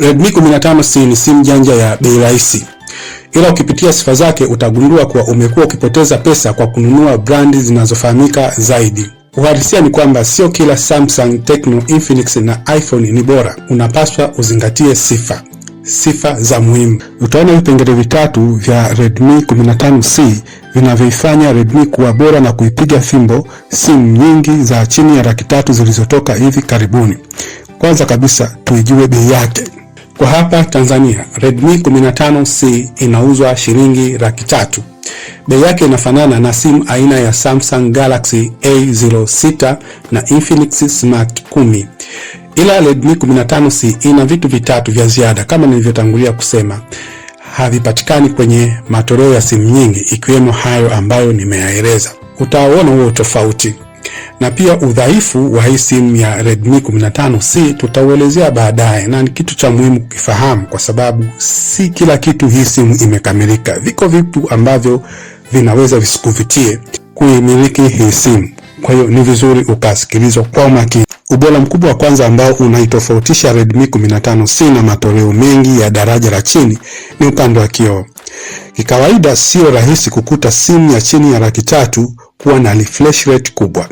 Redmi 15 C ni simu janja ya bei rahisi, ila ukipitia sifa zake utagundua kuwa umekuwa ukipoteza pesa kwa kununua brandi zinazofahamika zaidi. Uhalisia ni kwamba sio kila Samsung, Tecno, Infinix na iPhone ni bora. Unapaswa uzingatie sifa sifa za muhimu. Utaona vipengele vitatu vya Redmi 15C vinavyoifanya Redmi kuwa bora na kuipiga fimbo simu nyingi za chini ya laki tatu zilizotoka hivi karibuni. Kwanza kabisa tuijue bei yake. Kwa hapa Tanzania Redmi 15C inauzwa shilingi laki tatu. Bei yake inafanana na simu aina ya Samsung Galaxy A06 na Infinix Smart 10, ila Redmi 15C ina vitu vitatu vya ziada kama nilivyotangulia kusema havipatikani kwenye matoleo ya simu nyingi ikiwemo hayo ambayo nimeyaeleza. Utaona huo tofauti na pia udhaifu wa hii simu ya Redmi 15C tutauelezea baadaye, na ni kitu cha muhimu kukifahamu, kwa sababu si kila kitu hii simu imekamilika. Viko vitu ambavyo vinaweza visikuvutie kuimiliki hii simu, kwa hiyo ni vizuri ukasikilizwa kwa makini. Ubora mkubwa wa kwanza ambao unaitofautisha Redmi 15C na matoleo mengi ya daraja la chini ni upande wa kioo. Kikawaida sio rahisi kukuta simu ya chini ya laki tatu kuwa na refresh rate kubwa,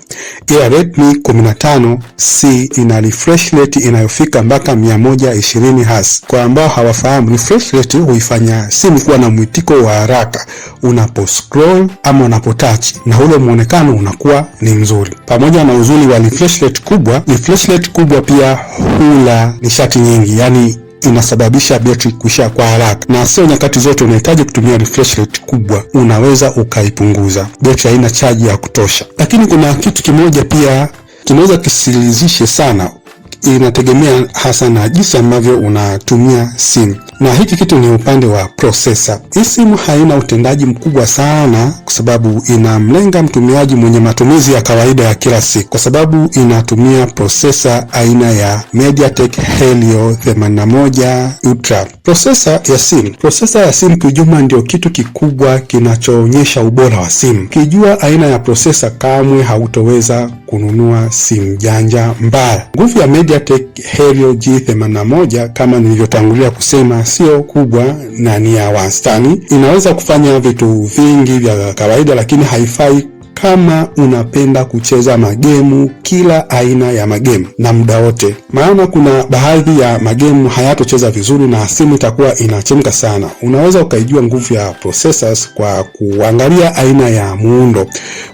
ila Redmi 15C ina refresh rate inayofika mpaka 120 Hz. Kwa ambao hawafahamu, refresh rate huifanya simu kuwa na mwitiko wa haraka unapo scroll ama unapo touch, na ule mwonekano unakuwa ni mzuri. Pamoja na uzuri wa refresh rate kubwa, refresh rate kubwa pia hula nishati nyingi, yani inasababisha betri kuisha kwa haraka, na sio nyakati zote unahitaji kutumia refresh rate kubwa, unaweza ukaipunguza. Betri haina chaji ya kutosha. Lakini kuna kitu kimoja pia kinaweza kisilizishe sana, inategemea hasa na jinsi ambavyo unatumia simu na hiki kitu ni upande wa processor. Hii simu haina utendaji mkubwa sana, kwa sababu inamlenga mtumiaji mwenye matumizi ya kawaida ya kila siku, kwa sababu inatumia processor aina ya MediaTek Helio 81 Ultra. Processor ya simu, processor ya simu kiujumla ndio kitu kikubwa kinachoonyesha ubora wa simu. Ukijua aina ya processor, kamwe hautoweza kununua simu janja mbaya. Nguvu ya MediaTek Helio G81 kama nilivyotangulia kusema sio kubwa na ni ya wastani. Inaweza kufanya vitu vingi vya kawaida, lakini haifai kama unapenda kucheza magemu, kila aina ya magemu na muda wote, maana kuna baadhi ya magemu hayatocheza vizuri na simu itakuwa inachemka sana. Unaweza ukaijua nguvu ya processors kwa kuangalia aina ya muundo.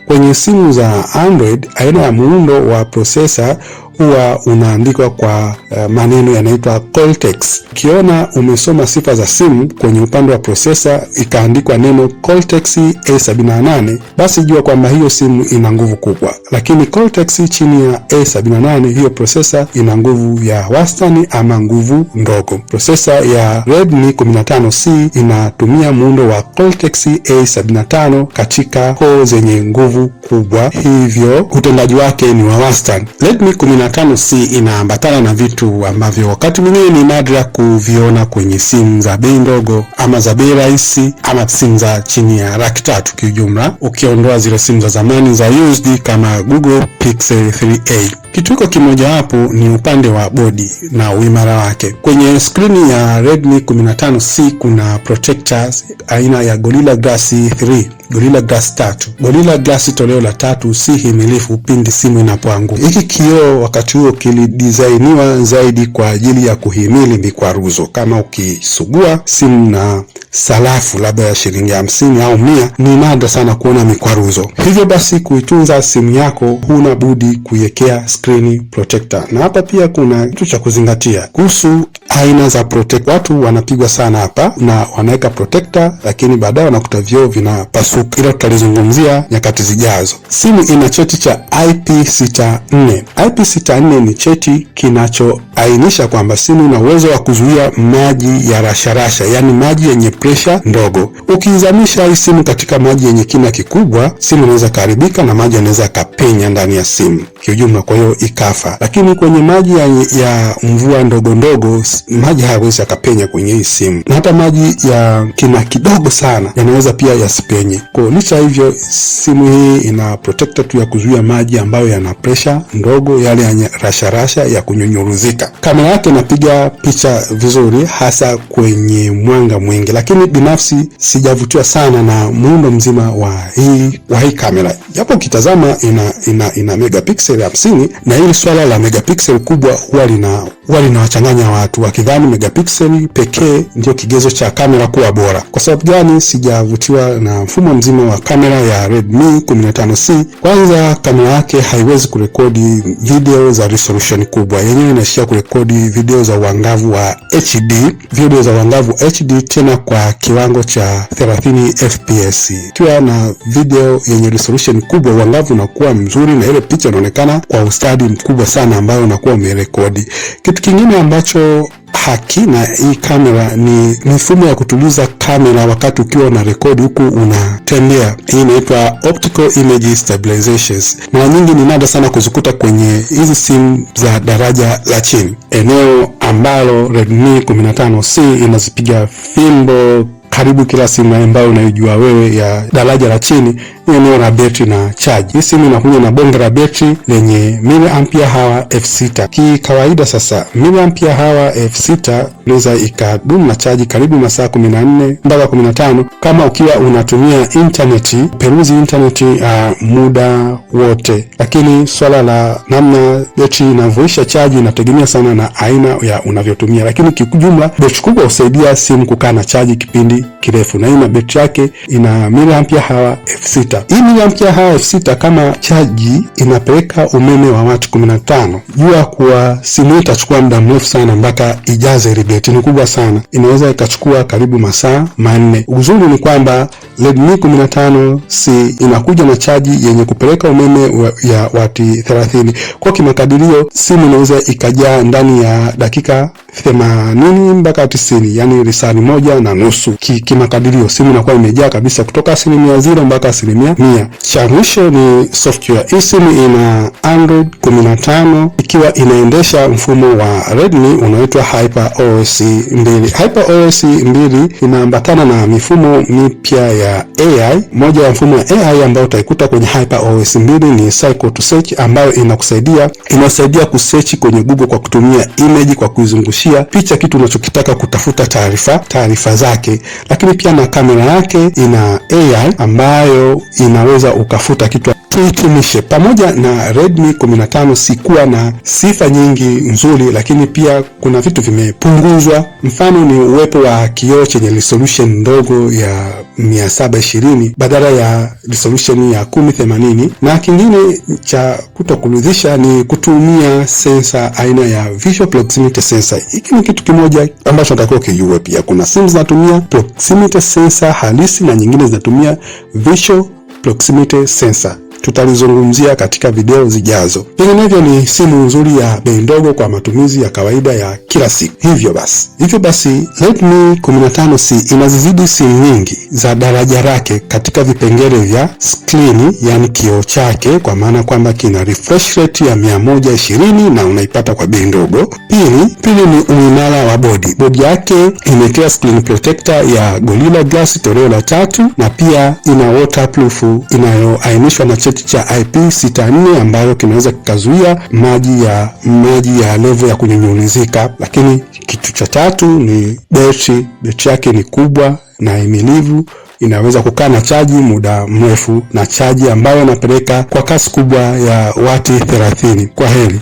Kwenye simu za Android, aina ya muundo wa prosesa huwa unaandikwa kwa eh, maneno yanaitwa Cortex. Ukiona umesoma sifa za simu kwenye upande wa prosesa ikaandikwa neno Cortex A78, basi jua kwamba hiyo simu ina nguvu kubwa, lakini Cortex chini ya A78, hiyo prosesa ina nguvu ya wastani ama nguvu ndogo. Prosesa ya Redmi 15C inatumia muundo wa Cortex A75 katika koo zenye nguvu nguvu kubwa, hivyo utendaji wake ni wa wastani. Redmi 15C inaambatana na vitu ambavyo wakati mwingine ni nadra kuviona kwenye simu za bei ndogo ama za bei rahisi ama simu za chini ya laki tatu kiujumla, ukiondoa zile simu za zamani za USD kama Google Pixel 3a. Kitwiko kimojawapo ni upande wa bodi na uimara wake. Kwenye skrini ya Redmi 15C kuna protectors aina ya Gorilla Glass 3, Gorilla Glass 3. Gorilla Glass toleo la tatu si himilifu pindi simu inapoanguka. Hiki kioo wakati huo kilidisainiwa zaidi kwa ajili ya kuhimili mikwaruzo. Kama ukisugua simu na sarafu labda ya shilingi hamsini au mia, ni nada sana kuona mikwaruzo. Hivyo basi kuitunza simu yako huna budi kuiwekea screen protector, na hapa pia kuna kitu cha kuzingatia kuhusu aina za protector. Watu wanapigwa sana hapa na wanaweka protector, lakini baadaye wanakuta vioo vinapasuka, ila tutalizungumzia nyakati zijazo. Simu ina cheti cha IP64. IP64 ni cheti kinachoainisha kwamba simu ina uwezo wa kuzuia maji ya rasharasha, yaani maji yenye presha ndogo. Ukiizamisha hii simu katika maji yenye kina kikubwa, simu inaweza kaharibika na maji yanaweza kapenya ndani ya simu kiujumla, kwa hiyo ikafa. Lakini kwenye maji ya, ya mvua ndogo ndogo, maji hayawezi yakapenya kwenye hii simu, na hata maji ya kina kidogo sana yanaweza pia yasipenye. Kwa hiyo licha hivyo, simu hii ina protector tu ya kuzuia maji ambayo yana pressure ndogo, yale ya rasharasha ya kunyunyuruzika. Kamera yake inapiga picha vizuri, hasa kwenye mwanga mwingi, lakini binafsi sijavutiwa sana na muundo mzima wa hii wa hii kamera, japo ukitazama ina, ina, ina megapixel megapixel hamsini, na hili swala la megapixel kubwa huwa lina huwa linawachanganya watu wakidhani megapixel pekee ndio kigezo cha kamera kuwa bora. Kwa sababu gani sijavutiwa na mfumo mzima wa kamera ya Redmi 15C? Kwanza, kamera yake haiwezi kurekodi video za resolution kubwa, yenyewe inaishia kurekodi video za uangavu wa HD, video za uangavu HD tena kwa kiwango cha 30 fps. Ikiwa na video yenye resolution kubwa, uangavu unakuwa mzuri na ile picha inaonekana sana kwa ustadi mkubwa sana ambayo unakuwa umerekodi. Kitu kingine ambacho hakina hii kamera ni mifumo ya kutuliza kamera wakati ukiwa na rekodi huku unatembea. Hii inaitwa optical image stabilizations. Mara nyingi ni nada sana kuzikuta kwenye hizi simu za daraja la chini, eneo ambalo Redmi 15C inazipiga fimbo karibu kila simu ambayo unaijua wewe ya daraja la chini eneo la betri na charge. Hii simu inakuja na bonge la betri lenye ampia hawa elfu sita kikawaida. Sasa ampia hawa elfu sita inaweza ikadumu na chaji karibu masaa kumi na nne mpaka kumi na tano kama ukiwa unatumia intaneti, peruzi intaneti uh, ah, muda wote, lakini swala la namna betri inavyoisha chaji inategemea sana na aina ya unavyotumia, lakini kijumla betri kubwa husaidia simu kukaa na chaji kipindi kirefu, na hii na betri yake ina miliampia hawa elfu sita. Hii miliampia hawa elfu sita kama chaji inapeleka umeme wa watu 15. Jua kuwa simu itachukua muda mrefu sana mpaka ijaze ile betri, ni kubwa sana, inaweza ikachukua karibu masaa manne. Uzuri ni kwamba Redmi 15C inakuja na chaji yenye kupeleka umeme wa, ya wati 30. Kwa kimakadirio simu inaweza ikajaa ndani ya dakika 80 mpaka 90, yani risali moja na nusu ki kimakadirio, simu inakuwa imejaa kabisa kutoka asilimia zero mpaka asilimia mia. Cha mwisho ni software. Hii simu ina Android 15 ikiwa inaendesha mfumo wa Redmi unaoitwa HyperOS 2. HyperOS 2 inaambatana na mifumo mipya ya AI. Moja ya mfumo ya AI ambayo utaikuta kwenye HyperOS 2 ni Cycle to Search ambayo inakusaidia inasaidia kusearch kwenye Google kwa kutumia image, kwa kuizungushia picha kitu unachokitaka kutafuta taarifa taarifa zake lakini pia na kamera yake ina AI ambayo inaweza ukafuta kitu. Tuhitimishe, pamoja na Redmi 15 sikuwa na sifa nyingi nzuri, lakini pia kuna vitu vimepunguzwa. Mfano ni uwepo wa kioo chenye resolution ndogo ya 720 badala ya resolution ya 1080, na kingine cha kutokuridhisha ni kutumia sensa aina ya visual proximity sensor. Hiki ni kitu kimoja ambacho natakiwa kijua pia. Kuna simu zinatumia proximity sensor halisi na nyingine zinatumia visual proximity sensor tutalizungumzia katika video zijazo. Vinginevyo ni simu nzuri ya bei ndogo kwa matumizi ya kawaida ya kila siku. Hivyo basi hivyo basi Redmi 15C inazizidi simu nyingi za daraja lake katika vipengele vya screen, yani kioo chake, kwa maana kwamba kina refresh rate ya 120 na unaipata kwa bei ndogo. Pili, pili ni uimara wa bodi. Bodi yake imetia screen protector ya Gorilla Glass toleo la tatu, na pia ina waterproof inayoainishwa na kidhibiti cha IP64 ambayo kinaweza kikazuia maji ya maji ya levo ya kunyunyulizika. Lakini kitu cha tatu ni betri, betri yake ni kubwa na imilivu inaweza kukaa na chaji muda mrefu na chaji ambayo inapeleka kwa kasi kubwa ya wati 30. Kwa heri.